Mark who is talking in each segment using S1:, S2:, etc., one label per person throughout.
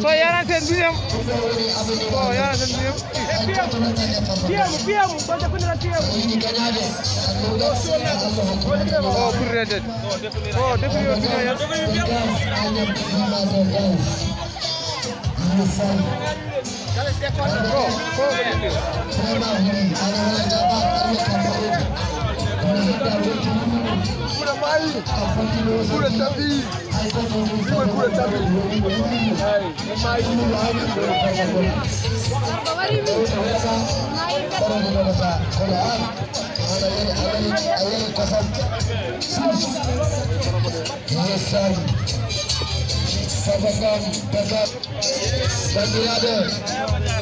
S1: So yana tenziyo. So yana tenziyo. PM PM baje kuna PM. Oh good rated. Oh definitely Oh, definitely. Oh, go. Mali, kule tabii, iwe kule tabii. Mali Sabahkan, besar, dan tiada.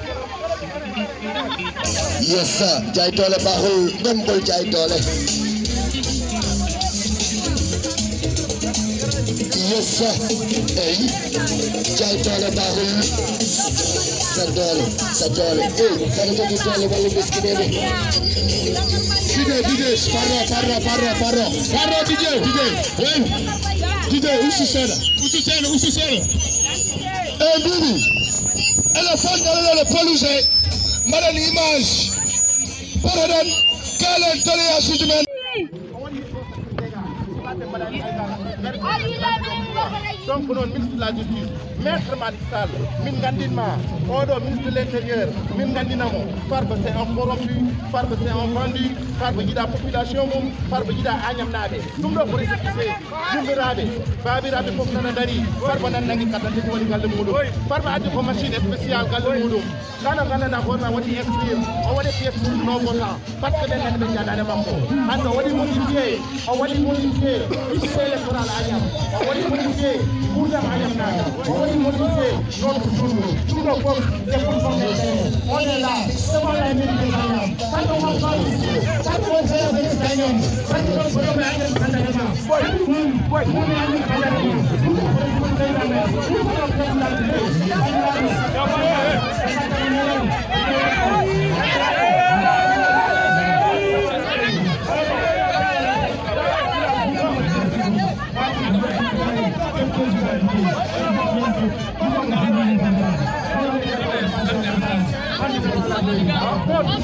S1: yes sir jaay doole baaxul dem bul jaay yes sir ey jaay doole baaxul sa doole sa doole ey kada jadi doole wala bis ki dede DJ DJ parra parra parra parra parra DJ DJ wen DJ usu sena usu sena usu sena ey bibi ele fon dole le poluje Madame l'image, Paradam, kalian Tolea Soudoumen. donc non, ministre de la justice maître Malick Sall min ganndinma oɗo ministre de l'Intérieur, intérieur min ganndinamo farba c'est un corrompu farba c'est un vendu farba jiiɗa population mum farba jiiɗa añamnaɓe ɗum ɗo ko récépissé yummiraɓe babiraɓe foof nana dari farba nan nangi kaddante ko woni galle muɗum farba addi ko machine spécial galle muɗum kala gandanɗa hoorema waɗi inscrire o waɗi piéce ɓurɗunogota par ce que ɓen nani ɓe jaɗane makko hande o wadi modifié o waɗi modifié liste électoral añam o wadi modifié engagé pour la Mayonnaise. On veut modifier notre jour. Tout le peuple, c'est pour son intérêt. On est là, devant la mine de Mayam. Quand on va pas ici, ça doit faire avec Mayam. Ça doit faire avec Katarina. Nous, nous, nous, nous, Katarina. Nous, nous, nous, Katarina. Nous, nous, nous, Katarina.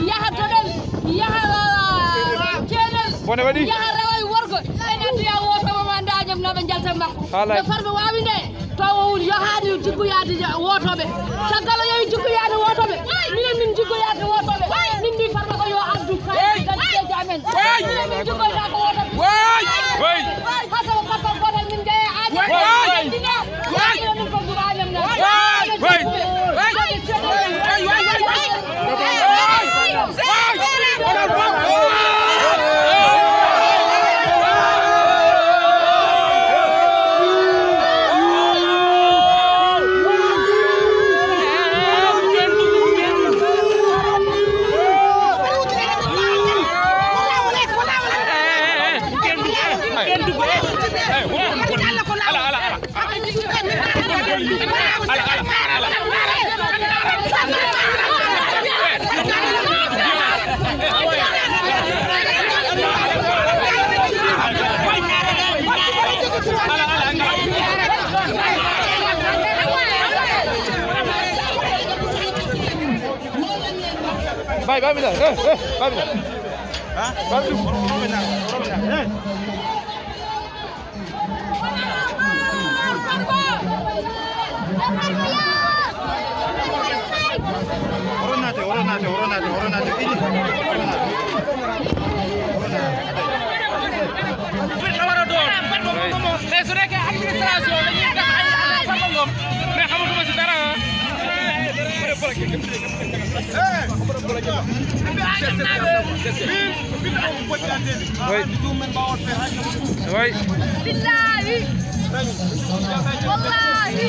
S1: yaha toɗel yaha bone waɗi yaha rewoye worgo e nettoya wotowoma dañam noɓe jaltan makko haala nde farɓe nde to wowul yohani jiggoyade wotoɓe caggal o yewi jiggoyade wotoɓe minen min jiggoyade wotoɓe min mbi farɓe ko yo addu kaeamen minen min jiggoyta Vai, vai, Milano. Vai, Milano. Vai, Milano. Vai, Milano. naate waro naate waro naate waro naate ɗiɗi fuɗɗo wara doon fuɗɗo momo so reke administration dañuy def ay fama ngom mais xamatuma si dara Billahi wallahi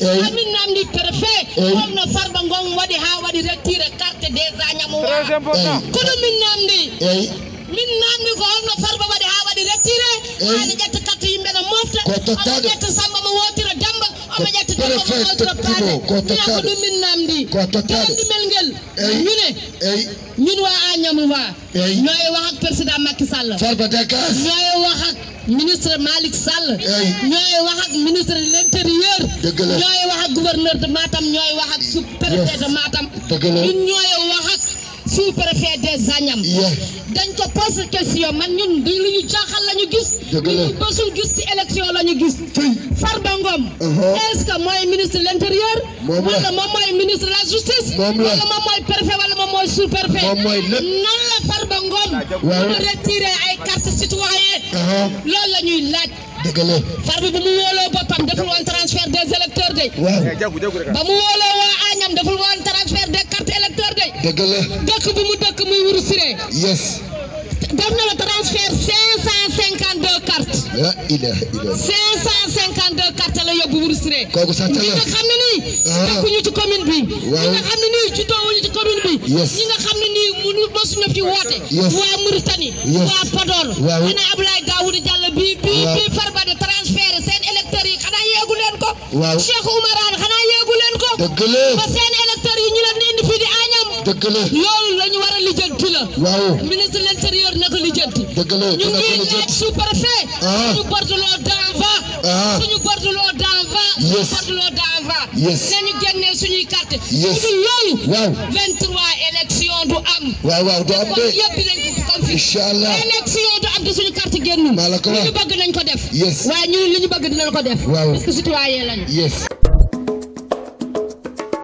S1: amin namdi préfet homno farba gon waɗi ha waɗi rettire carte des agñamo wara ko ɗum min namdi min namdi ko holno farba waɗi ha waɗi rettire haɗa ƴetta carte yimɓe no mofta omo ƴetta samba mo wotira damba omo ƴetta damba mo wotira paade mina ko ɗum min namdi telandimel ngel mine ñun wa agñamo wa ñoye wax ak président makky sall ñoye wax ak ministre Malik Sall ñoy wax ak ministre de l'intérieur ñoy wax ak gouverneur de Matam ñoy wax ak sous-préfet de Matam ñun ñoy wax ak sous-préfet de Agnam dañ ko poser question man ñun du luñu jaxal lañu gis ñu bësul gis ci élection lañu gis Farba Ngom uh-huh. est-ce que moy ministre de l'intérieur wala moom ministre de la justice wala moom mooy préfet wala moom mooy sous préfet. moom mooy lépp nan la Farba Ngom. waaw retirer a ay carte citoyen. Uh-huh. loolu lañuy ñuy laaj. dëgg la Farba bu mu deful won transfert des électeurs de. waaw eh, ba mu wóoloo waa Agnam deful won transfert des cartes électeurs de. deugale la dëkk bu mu dëkk muy wuru siree. yes. def na la transfert 552 cartes. la ilaha illallah 552 cartes la frustré. kooku sax ca nga xam ne nii. nekkuñu ci commune ci commune bi. ñi nga xam ne nii mënu ah. mosuñu fi woote. waa Mauritanie. waa Podor. waaw ana Abdoulaye Daouda Diallo bii bii bii Farba de transfert seen électeurs yi xanaa yeegu leen ko. waaw Cheikh xanaa yeegu leen ko. dëgg la ba seen électeurs yi ñu leen indi fii di añam. dëgg loolu la war a lijjanti la. waaw ministre de l' intérieur naka dëgg la ñu ngi laaj sous-préfet. Ah. suñu yes Modou Lo d'en va yes nañu génnee suñuy carte yes su loolu waaw élection du am waaw waaw du am de ko du am te suñu carte génnul maa la nañ ko def yes waaye ñun li ñu bëgg ko def waaw parce que lañu